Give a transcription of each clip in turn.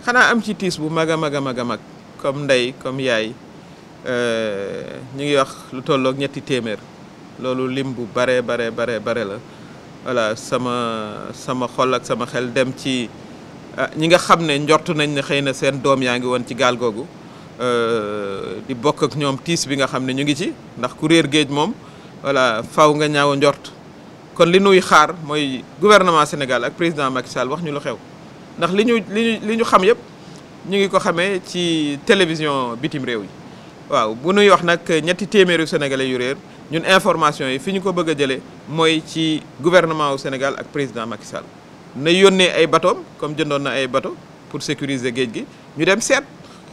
xanaa am ci tiis bu mag a mag a mag a mag comme ndey comme yaay euh, ñu ngi wax lu tolloog ñetti téeméer loolu lim bu bare bare bare bare la voilà sama sama xol ak sama xel dem ci ah, ñi nga xam ne njort nañ ne xëy na seen doom yaa ngi woon ci gaal googu euh, di bokk ak ñoom tiis bi nga xam ne ñu ngi ci ndax ku réer géej moom wala faw nga ñaaw njort kon li nuy xaar mooy gouvernement Sénégal ak président Macky Sall wax ñu lu xew ndax li ñu li li ñu xam yëpp ñu ngi ko xamee ci télévision bitim réew yi waaw bu nuy wax nag ñetti téeméeru sénégalais yu réer ñun information yi fi ñu ko bëgg a jëlee mooy ci gouvernement wu Sénégal ak président Macky na yónnee ay bateau comme jëndoon na ay bateau pour sécuriser géej gi ñu dem seet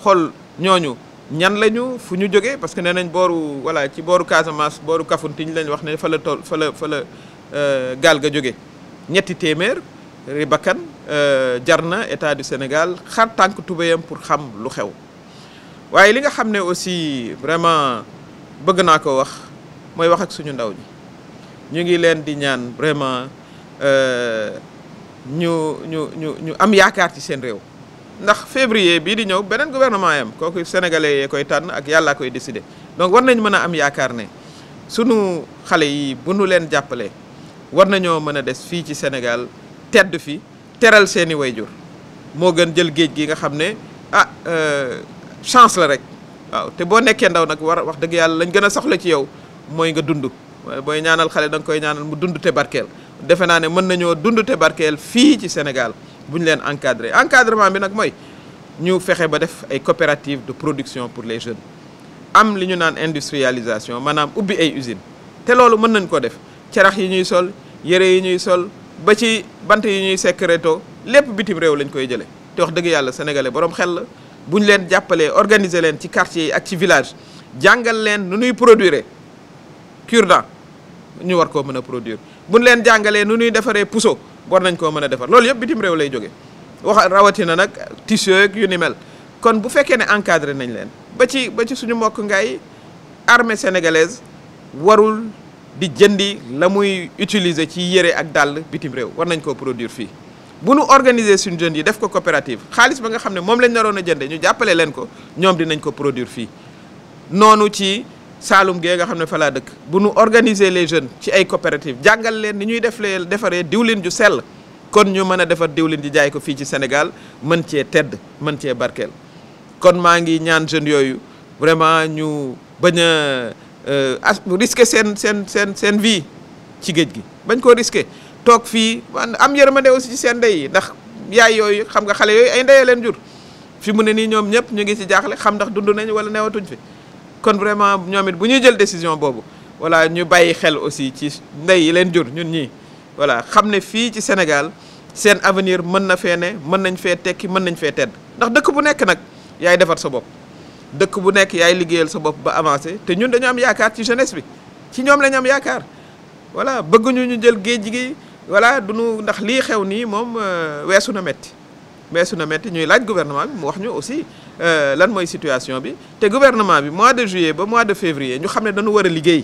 xool ñooñu ñan lañu fu ñu jógee parce que nee nañ booru voilà ci booru Casamance booru Kafountine lañ wax ne fa la toll fa la Euh, gaal ga jóge ñetti téeméer bakkan euh, jar na état du Sénégal xar tànk tubéyam pour xam lu xew waaye li nga xam ne aussi vraiment bëgg naa ko wax mooy wax suñu ndaw ñi ñu ngi leen di ñaan vraiment euh, ñu ñu ñu ñu am yaakaar ci seen réew ndax février bii di ñëw beneen gouvernement yam kooku sénégalais yee koy tànn ak yàllaa koy décider donc war nañ mën a am yaakaar ne suñu xale yi bu nu leen jàppale war nañoo mën a des fii ci Sénégal tedd fii teral seeni wayjur moo gën jël géej gi nga xam ne ah euh, chance la rek waaw te boo nekkee ndaw nag war wax dëgg yàlla lañ gën a soxla ci yow mooy nga dund booy ñaanal xale da nga koy ñaanal mu dund te barkeel defe naa ne mën nañoo dund te barkeel fii ci Sénégal bu leen encadré encadrement bi nag mooy ñu fexe ba def ay coopérative de production pour les jeunes am li ñu naan industrialisation maanaam ubbi ay usines te loolu mën nañ ko def carax yi ñuy sol yére yi ñuy sol ba ci bant yi ñuy secréto lépp bitim réew lañ koy jële te wax dëgg yàlla sénégalais borom xel la bu ñu leen jàppalee organiser leen ci quartier yi ak ci village jàngal leen nu nuy produire cure ñu war koo mën a produire bu ñu leen jàngalee nu nuy defaree puso war nañ koo mën a defar loolu yëpp bitim réew lay jóge wax rawatina nag tissu ak ni mel kon bu fekkee ne encadré nañ leen ba ci ba ci suñu mbokk ngay armée sénégalaise warul di jëndi la muy utiliser ci yére ak dàll bitim réew war nañ koo produire fii bu nu organiser suñu jeunes yi def ko coopérative xaalis ba nga xam ne moom lañ naroon a jënde ñu jàppale leen ko ñoom dinañ ko produire fii noonu ci Saalum gee nga xam ne fa dëkk bu nu organiser les jeunes ci ay coopérative jàngal leen ni ñuy def lee defaree diwlin ju sell kon ñu mën a defar diwlin di jaay ko fii ci Sénégal mën cee tedd mën cee barkeel kon maa ngi ñaan jeunes yooyu vraiment ñu bañ a Euh, as risqué seen seen seen seen vie ci géej gi bañ koo risqué toog fii am ne aussi ci seen ndey yi ndax yaay yooyu xam nga xale yooyu ay ndeyee leen jur fi mu ne nii ñoom ñëpp ñu ngi ci jaaxle xam ndax dund nañ wala newatuñ fi kon vraiment ñoom it bu ñuy jël décision boobu voilà ñu bàyyi xel aussi ci ndey yi leen jur ñun ñii voilà xam ne fii ci Sénégal seen avenir mën na fee ne mën nañ fee tekki mën nañ fee tedd ndax dëkk bu nekk nag yaay defar sa bopp dëkk bu nekk yaay liggéeyal sa bopp ba avancé te ñun dañu am yaakaar ci jeunesse bi ci ñoom lañu am yaakaar voilà bëgguñu ñu jël géej gi voilà duñu ndax lii xew nii moom euh, weesu na metti weesu na metti ñuy laaj gouvernement bi mu wax ñu aussi euh, lan mooy situation bi te gouvernement bi mois de juillet ba mois de février ñu xam ne dañu war a liggéey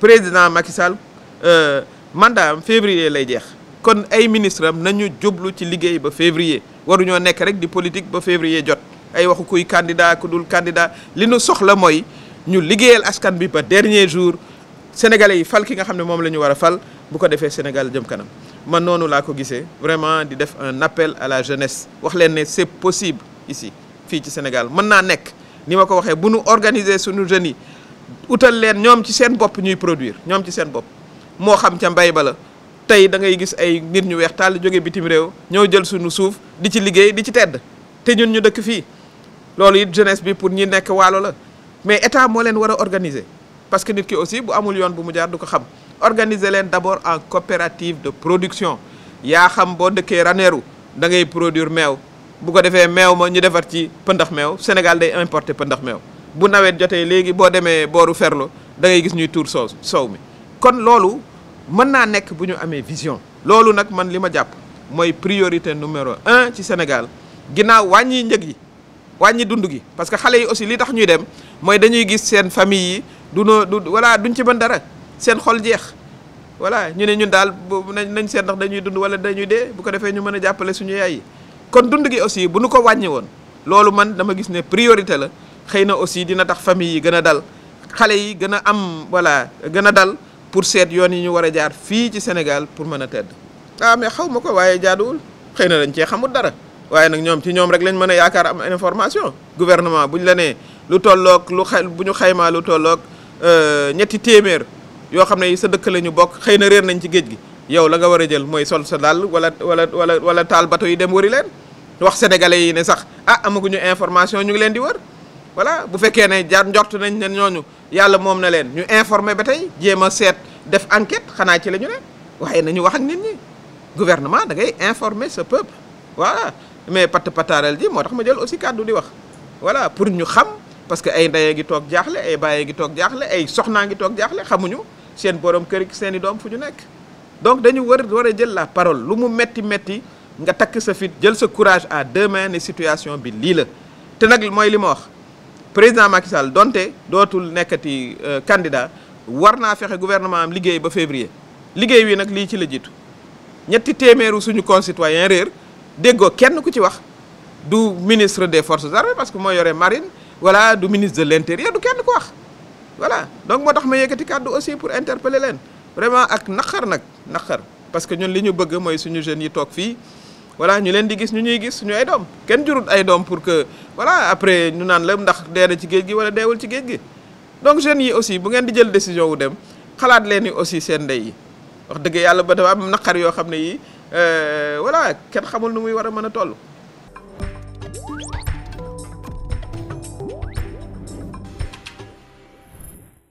président Macky Sall euh, mandat am février lay jeex kon ay ministre am nañu jublu ci liggéey ba février waruñoo nekk rek di politique ba février jot ay waxu kuy candidat ku dul candidat li nu soxla mooy ñu liggéeyal askan bi ba dernier jour sénégalais yi fal ki nga xam ne moom la ñu war a fal bu ko defee Sénégal jëm kanam man noonu laa ko gisee vraiment di def un appel à la jeunesse wax leen ne c'est possible ici fii ci Sénégal mën naa nekk ni ma ko waxee bu nu organiser suñu jeunes yi utal leen ñoom ci seen bopp ñuy produire ñoom ci seen bopp moo xam ca mbay ba la tey da ngay gis ay nit ñu weex tàll jóge bitim réew ñëw jël suñu suuf di ci liggéey di ci tedd dëkk fii loolu it jeunesse bi pour ñi nekk waalo la mais état moo leen war a organiser parce que nit ki aussi bu amul yoon bu mu jaar du ko xam organiser leen d'abord en coopérative de production yaa xam boo dëkkee Ranérou da ngay produire meew bu ko defee meew ma ñu defar ci pëndax meew Sénégal day importer pëndax meew bu nawet jotee léegi boo demee booru Ferlo dangay gis ñuy tuur soow soow mi kon loolu mën naa nekk bu ñu amee vision loolu nag man li ma jàpp mooy priorité numéro un ci Sénégal ginnaaw wàññi njëg yi wàññi dund gi parce que xale yi aussi lii tax ñuy dem mooy dañuy gis seen famille yi du noo du voilà duñ ci mën dara seen xol jeex voilà ñu ne ñun daal nañ nañ seet ndax dañuy dund wala dañuy dee bu ko defee ñu mën a jàppale suñu yaay kon dund gi aussi bu nu ko wàññi woon loolu man dama gis ne priorité la xëy na aussi dina tax famille yi gën a dal xale yi gën a am voilà gën a dal pour seet yoon yi ñu war a jaar fii ci Sénégal pour mën a tedd ah mais xaw ma ko waaye jaaduwul xëy na dañ cee xamul dara waaye nag ñoom ci ñoom rek lañ mën a yaakaar am information gouvernement buñ la nee lu tollook lu xa bu ñu xaymaa lu tolloog euh, ñetti téeméer yoo xam ne sa dëkk la ñu bokk xëy na réer nañ ci géej gi yow la nga war a jël mooy sol sa dàll wala wala wala wala taal bato yi dem wari leen wax sénégalais yi ne sax ah amaguñu information ñu ngi leen di wër wala bu fekkee ne jaar njort nañ ne ñooñu yàlla moom na leen ñu informé ba tey jéem a seet def enquête xanaa ci lañu ñu ne waaye nañu wax ak nit gouvernement da ngay informer ce peuple mais patt pataaral ji moo tax ma jël aussi kàddu di wax voilà pour ñu xam parce que ay ndeyee ngi toog jaaxle ay bàyyee ngi toog jaaxle ay soxnaa ngi toog jaaxle xamuñu seen borom kër gi seen i doom fu ñu nekk donc dañu war war a jël la parole lu mu metti metti nga takk sa fit jël sa courage à deux mains ne situation bi lii la te nag mooy li ma wax président Macky Sall donte dootul nekkati euh, candidat war naa fexe gouvernement am liggéey ba février liggéey wi nag lii ci la jiitu ñetti téeméeru suñu concitoyen réer déggoo kenn ku ci wax du ministre des forces armées parce que moo yore marine voilà du ministre de l'intérieur du kenn ku wax voilà donc moo tax ma yëkkati kàddu aussi pour interpeller leen vraiment ak naqar nag naqar parce que ñun li ñu bëgg mooy suñu jeunes yi toog fii voilà ñu leen di gis ñu ñuy gis suñu ay doom kenn jurut ay doom pour que voilà après ñu naan la ndax dee na ci géej gi wala deewul ci géej gi donc jeunes yi aussi bu ngeen di jël décision wu dem xalaat ni aussi seen ndey yi wax dëgg yàlla ba dafa naqar yoo xam ne yii Euh, voilà kenn xamul nu muy war a mën a toll